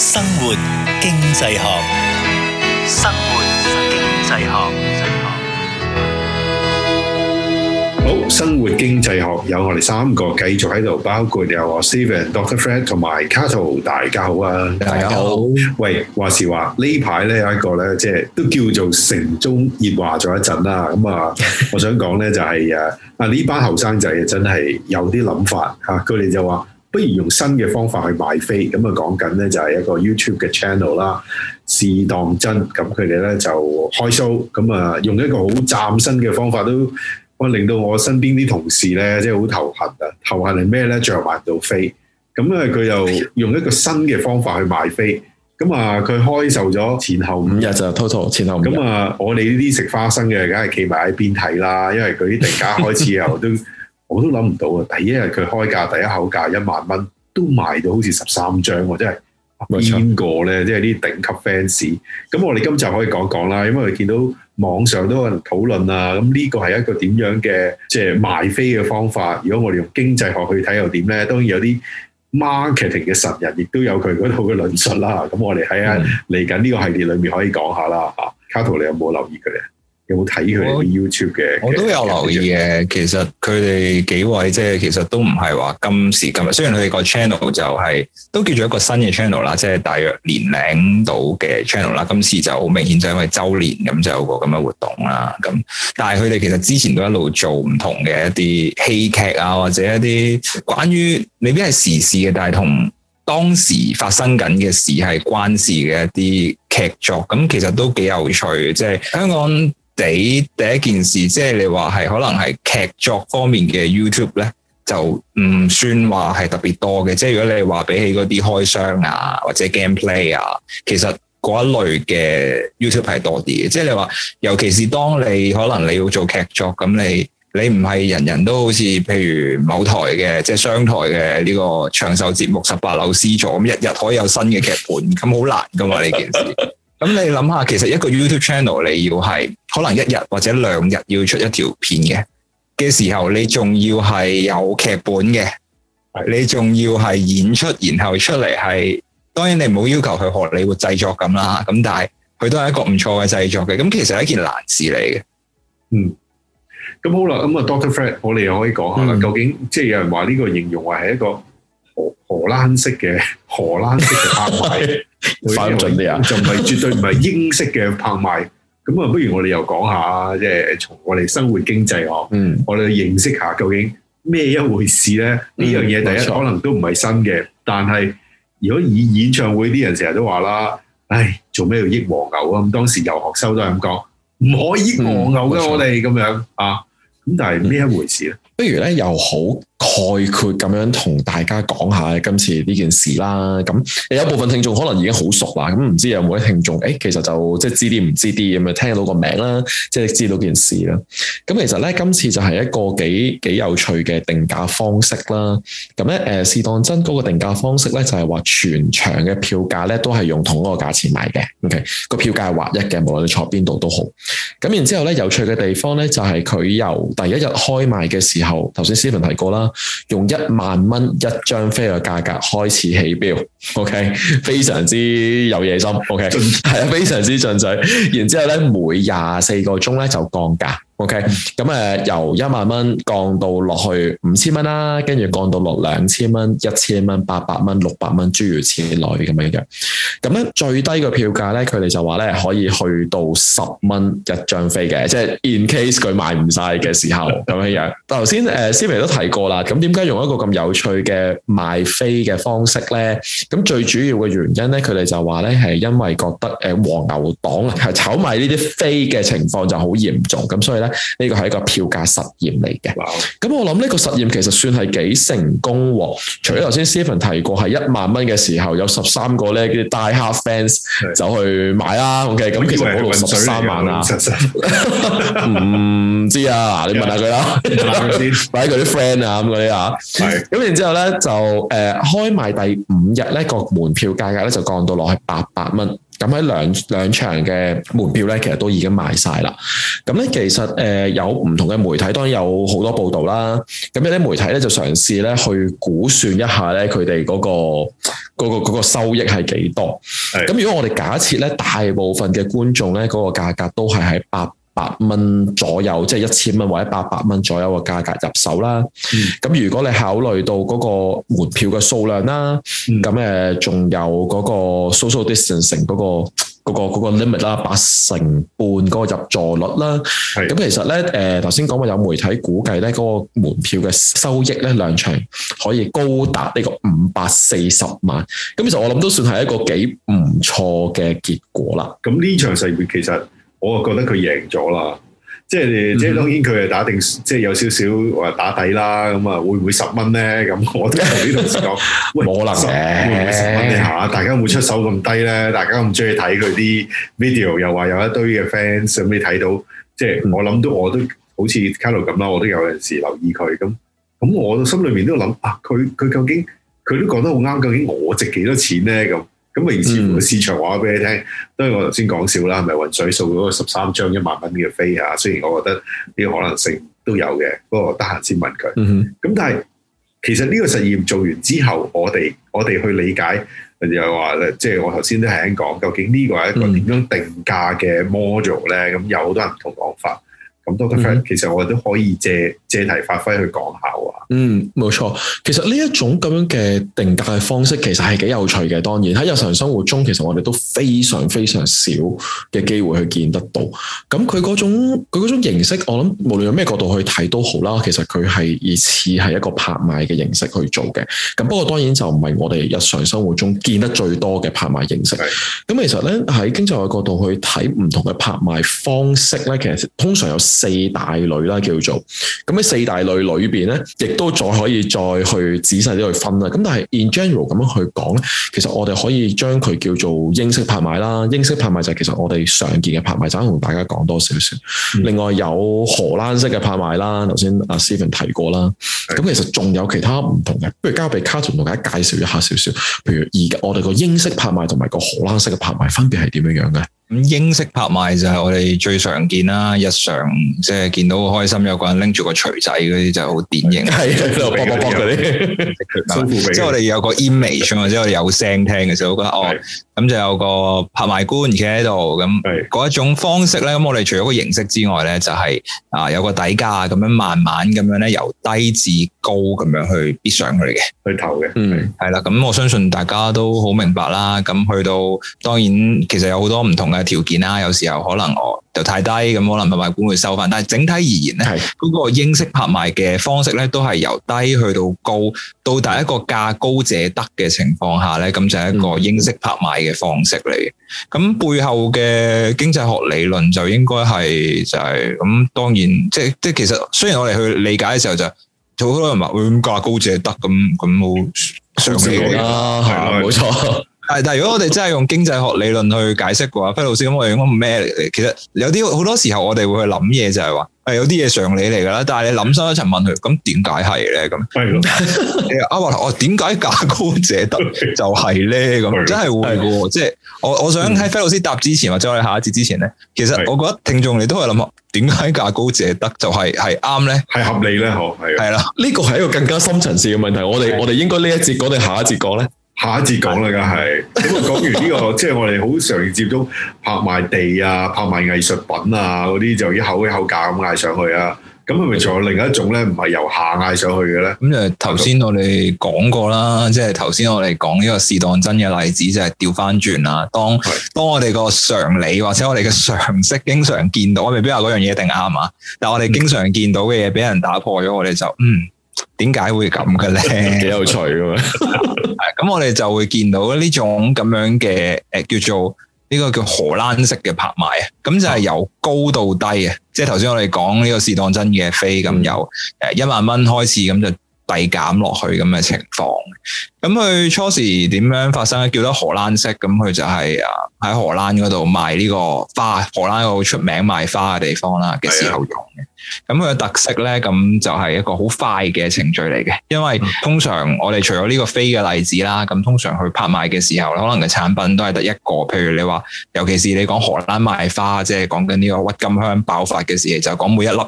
生活經濟學，生活經濟學，學，好，生活經濟學有我哋三個繼續喺度，包括有我 Steven、Doctor Frank 同埋 Cato，大家好啊，大家好，家好喂，話時話呢排咧有一個咧，即係都叫做城中熱話咗一陣啦，咁啊，我想講咧就係、是、誒， 啊呢班後生仔真係有啲諗法吓，佢哋就話。不如用新嘅方法去賣飛，咁啊講緊呢就係一個 YouTube 嘅 channel 啦，試當真，咁佢哋呢就開 show，咁啊用一個好嶄新嘅方法都可令到我身邊啲同事呢，即係好頭痕啊，頭痕係咩呢？著埋到飛，咁啊佢又用一個新嘅方法去賣飛，咁啊佢開售咗前後五日就 total。前後五日，咁啊我哋呢啲食花生嘅梗係企埋喺邊睇啦，因為佢啲定價開始又都。 我都諗唔到啊！第一日佢開價第一口價一萬蚊，都賣到好似十三張喎，真係邊個咧？即係啲頂級 fans。咁我哋今集可以講講啦，因為我哋見到網上都可能討論啊。咁呢個係一個點樣嘅即係賣飛嘅方法？如果我哋用經濟學去睇又點咧？當然有啲 marketing 嘅神人，亦都有佢嗰套嘅論述啦。咁我哋睇下嚟緊呢個系列裏面可以講下啦、嗯。卡圖你有冇留意佢呢？有冇睇佢個 YouTube 嘅？我都有留意嘅。其實佢哋幾位即係其實都唔係話今時今日。雖然佢哋個 channel 就係都叫做一個新嘅 channel 啦，即係大約年零度嘅 channel 啦。今次就好明顯就因為周年咁就有個咁嘅活動啦。咁但係佢哋其實之前都一路做唔同嘅一啲戲劇啊，或者一啲關於未必係時事嘅，但係同當時發生緊嘅事係關事嘅一啲劇作。咁其實都幾有趣，即係香港。第第一件事，即係你話係可能係劇作方面嘅 YouTube 咧，就唔算話係特別多嘅。即係如果你話比起嗰啲開箱啊或者 gameplay 啊，其實嗰一類嘅 YouTube 係多啲嘅。即係你話，尤其是當你可能你要做劇作，咁你你唔係人人都好似譬如某台嘅即係商台嘅呢個長壽節目十八樓 C 座咁，日日可以有新嘅劇本，咁好難噶嘛呢件事。 咁你諗下，其實一個 YouTube channel 你要係可能一日或者兩日要出一條片嘅嘅時候，你仲要係有劇本嘅，你仲要係演出，然後出嚟係，當然你唔好要，要求佢荷里活製作咁啦。咁但係佢都係一個唔錯嘅製作嘅。咁其實係一件難事嚟嘅。嗯，咁好啦，咁啊，Doctor Fred，我哋又可以講下啦。嗯、究竟即係有人話呢個形容話係一個荷荷蘭式嘅荷蘭式嘅拍賣。 快準啲啊！就唔係絕對唔係英式嘅拍賣，咁啊，不如我哋又講下，即係從我哋生活經濟學，嗯，我哋認識下究竟咩一回事咧？呢樣嘢第一、嗯、可能都唔係新嘅、嗯，但係如果以演唱會啲人成日都話啦，唉，做咩要益黃牛啊？咁當時有學生都係咁講，唔可以益黃牛噶、嗯，我哋咁樣啊？咁、嗯嗯、但係咩一回事咧、嗯？不如咧又好。概括咁樣同大家講下今次呢件事啦。咁有部分聽眾可能已經好熟啦。咁唔知有冇啲聽眾誒，其實就即係知啲唔知啲咁啊，聽到個名啦，即係知道件事啦。咁其實咧，今次就係一個幾幾有趣嘅定價方式啦。咁咧誒，試當真嘅定價方式咧，就係話全場嘅票價咧都係用同一個價錢買嘅。OK，個票價係劃一嘅，無論你坐邊度都好。咁然之後咧，有趣嘅地方咧就係佢由第一日開賣嘅時候，頭先 Stephen 提過啦。用一萬蚊一張飛嘅價格開始起標，OK，非常之有野心，OK，係啊，非常之進取。然之後咧，每廿四個鐘咧就降價，OK，咁誒由一萬蚊降到落去五千蚊啦，跟住降到落兩千蚊、一千蚊、八百蚊、六百蚊，諸如此類咁樣樣。咁樣最低嘅票價咧，佢哋就話咧可以去到十蚊一張飛嘅，即係 in case 佢賣唔晒嘅時候咁樣 樣。頭先 Stephen 都提過啦，咁點解用一個咁有趣嘅賣飛嘅方式咧？咁最主要嘅原因咧，佢哋就話咧係因為覺得誒黃牛黨係炒賣呢啲飛嘅情況就好嚴重，咁所以咧呢個係一個票價實驗嚟嘅。咁 我諗呢個實驗其實算係幾成功喎。除咗頭先 Stephen 提過係一萬蚊嘅時候有十三個咧嘅大。啲 hard fans 就去買啦，OK，咁其實嗰度係十三萬啊，唔知啊，你問下佢啦，或者佢啲 friend 啊咁嗰啲嚇，咁然之後咧就誒開賣第五日咧個門票價格咧就降到落去八百蚊。咁喺兩兩場嘅門票咧，其實都已經賣晒啦。咁咧，其實誒有唔同嘅媒體，當然有好多報道啦。咁有啲媒體咧就嘗試咧去估算一下咧佢哋嗰個嗰個嗰個收益係幾多。咁如果我哋假設咧，大部分嘅觀眾咧嗰個價格都係喺八。八百蚊左右，即係一千蚊或者八百蚊左右嘅價格入手啦。咁如果你考慮到嗰個門票嘅數量啦，咁誒仲有嗰個 social distancing 嗰個嗰個嗰個 limit 啦，八成半嗰個入座率啦，咁其實咧誒頭先講話有媒體估計咧嗰個門票嘅收益咧兩場可以高達呢個五百四十萬，咁其實我諗都算係一個幾唔錯嘅結果啦。咁呢場盛會其實。我就覺得佢贏咗啦，即係即係，當然佢係打定，嗯、即係有少少話打底啦。咁啊，會唔會十蚊咧？咁我都喺呢度講，冇 可能會唔會十蚊咧吓？大家會出手咁低咧？大家咁中意睇佢啲 video，又話有一堆嘅 fans，咁你睇到，即、嗯、係我諗到我都好似 Calum 咁啦，我都有陣時留意佢咁。咁我心裏面都諗啊，佢佢究竟佢都講得好啱，究竟我值幾多錢咧？咁。咁而市市場話俾你聽，都、嗯、係我頭先講笑啦，係咪雲水數嗰個十三張一萬蚊嘅飛啊？雖然我覺得呢個可能性都有嘅，不過得閒先問佢。咁、嗯、但係其實呢個實驗做完之後，我哋我哋去理解又話咧，即係我頭先都係喺講，究竟呢個係一個點樣定價嘅 model 咧？咁、嗯、有好多人唔同講法。咁多個 friend，、嗯、其實我哋都可以借借題發揮去講下。嗯，冇錯。其實呢一種咁樣嘅定價嘅方式，其實係幾有趣嘅。當然喺日常生活中，其實我哋都非常非常少嘅機會去見得到。咁佢嗰種佢嗰種形式，我諗無論用咩角度去睇都好啦。其實佢係以似係一個拍賣嘅形式去做嘅。咁不過當然就唔係我哋日常生活中見得最多嘅拍賣形式。咁其實咧，喺經濟學嘅角度去睇唔同嘅拍賣方式咧，其實通常有四大類啦，叫做。咁喺四大類裏邊咧，亦。都再可以再去仔細啲去分啦。咁但係 in general 咁樣去講咧，其實我哋可以將佢叫做英式拍賣啦。英式拍賣就係其實我哋常見嘅拍賣，就係同大家講多少少、嗯。另外有荷蘭式嘅拍賣啦，頭先阿 Stephen 提過啦。咁、嗯、其實仲有其他唔同嘅，不如交俾 Katun 同大家介紹一下少少。譬如而家我哋個英式拍賣同埋個荷蘭式嘅拍賣分別係點樣樣嘅？咁英式拍賣就係我哋最常見啦，日常即係、就是、見到好開心有個人拎住個錘仔嗰啲就好、是、典型，喺度搏搏搏佢。 即係我哋有個 image， 或者我哋有聲聽嘅時候，我覺得哦，咁就有個拍賣官企喺度，咁嗰一種方式咧。咁我哋除咗個形式之外咧，就係、是、啊有個底價咁樣，慢慢咁樣咧由低至高咁樣去逼上去嘅，去投嘅。嗯，係啦。咁我相信大家都好明白啦。咁去到當然，其實有好多唔同嘅。嘅條件啦，有時候可能我就太低，咁可能拍賣官會收翻。但係整體而言咧，嗰個英式拍賣嘅方式咧，都係由低去到高，到達一個價高者得嘅情況下咧，咁就係一個英式拍賣嘅方式嚟。咁背後嘅經濟學理論就應該係就係咁。當然，即係即係其實雖然我哋去理解嘅時候就，好多人話會咁價高者得，咁咁冇常識啦，係冇錯。係，但係如果我哋真係用經濟學理論去解釋嘅話，菲老師，咁我哋應該咩嚟？其實有啲好多時候我哋會去諗嘢，就係話係有啲嘢常理嚟噶啦。但係你諗深一層問佢，咁點解係咧？咁係 啊，阿華頭，我點解價高者得就係咧？咁真係會嘅，即係、就是、我我想喺菲老師答之前、嗯、或者喺我哋下一節之前咧，其實我覺得聽眾你都係諗點解價高者得就係係啱咧，係合理咧，係係啦，呢、這個係一個更加深層次嘅問題。我哋我哋應該呢一節講定下一節講咧？下一節講啦，梗係咁講完呢個， 即係我哋好常接觸拍賣地啊、拍賣藝術品啊嗰啲，那些就一口一口價咁嗌上去啊。咁係咪仲有另一種咧，唔係由下嗌上去嘅咧。咁就頭先我哋講過啦， 即係頭先我哋講呢個試當真嘅例子，就係調翻轉啦。當當我哋個常理或者我哋嘅常識經常見到，我未必話嗰樣嘢一定啱啊。但係我哋經常見到嘅嘢俾人打破咗，我哋就嗯。點解會咁嘅咧？幾有趣嘅咁 我哋就會見到呢種咁樣嘅誒、呃，叫做呢、這個叫荷蘭式嘅拍賣啊。咁就係由高到低嘅，嗯、即係頭先我哋講呢個試當真嘅飛咁由誒一萬蚊開始，咁就遞減落去咁嘅情況。咁佢初時點樣發生咧？叫得荷蘭式，咁佢就係啊喺荷蘭嗰度賣呢個花，荷蘭個好出名賣花嘅地方啦嘅、嗯、時候用嘅。嗯。咁佢嘅特色咧，咁就係一個好快嘅程序嚟嘅。因為通常我哋除咗呢個飛嘅例子啦，咁通常去拍賣嘅時候，可能嘅產品都係得一個。譬如你話，尤其是你講荷蘭賣花，即係講緊呢個鬱金香爆發嘅時期，就講每一粒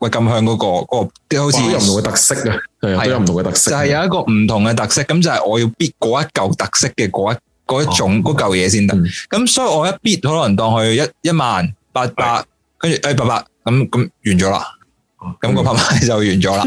鬱金香嗰、嗰個，嗰個好都好似有唔同嘅特色啊，係都有唔同嘅特、就是、特色。就係有一個唔同嘅特色，咁就係我要 bid 嗰一嚿特色嘅嗰一嗰一種嗰嚿嘢先得。咁、哦嗯、所以我一 bid 可能當佢一一萬八百，跟住誒八百。咁咁完咗啦，咁個拍賣就完咗啦。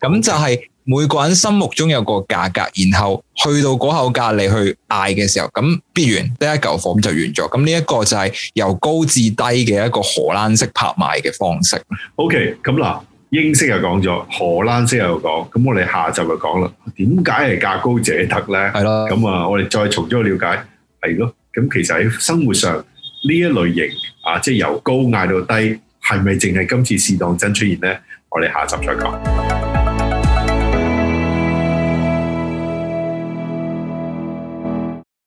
咁 就係每個人心目中有個價格，然後去到嗰口價你去嗌嘅時候，咁必然得一嚿貨咁就完咗。咁呢一個就係由高至低嘅一個荷蘭式拍賣嘅方式。OK，咁嗱，英式又講咗，荷蘭式又講，咁我哋下集就講啦。點解係價高者得呢？係咯。咁啊，我哋再從咗了,了解，係咯。咁其實喺生活上呢一類型啊，即係由高嗌到低。係咪淨係今次試當真出現呢？我哋下一集再講。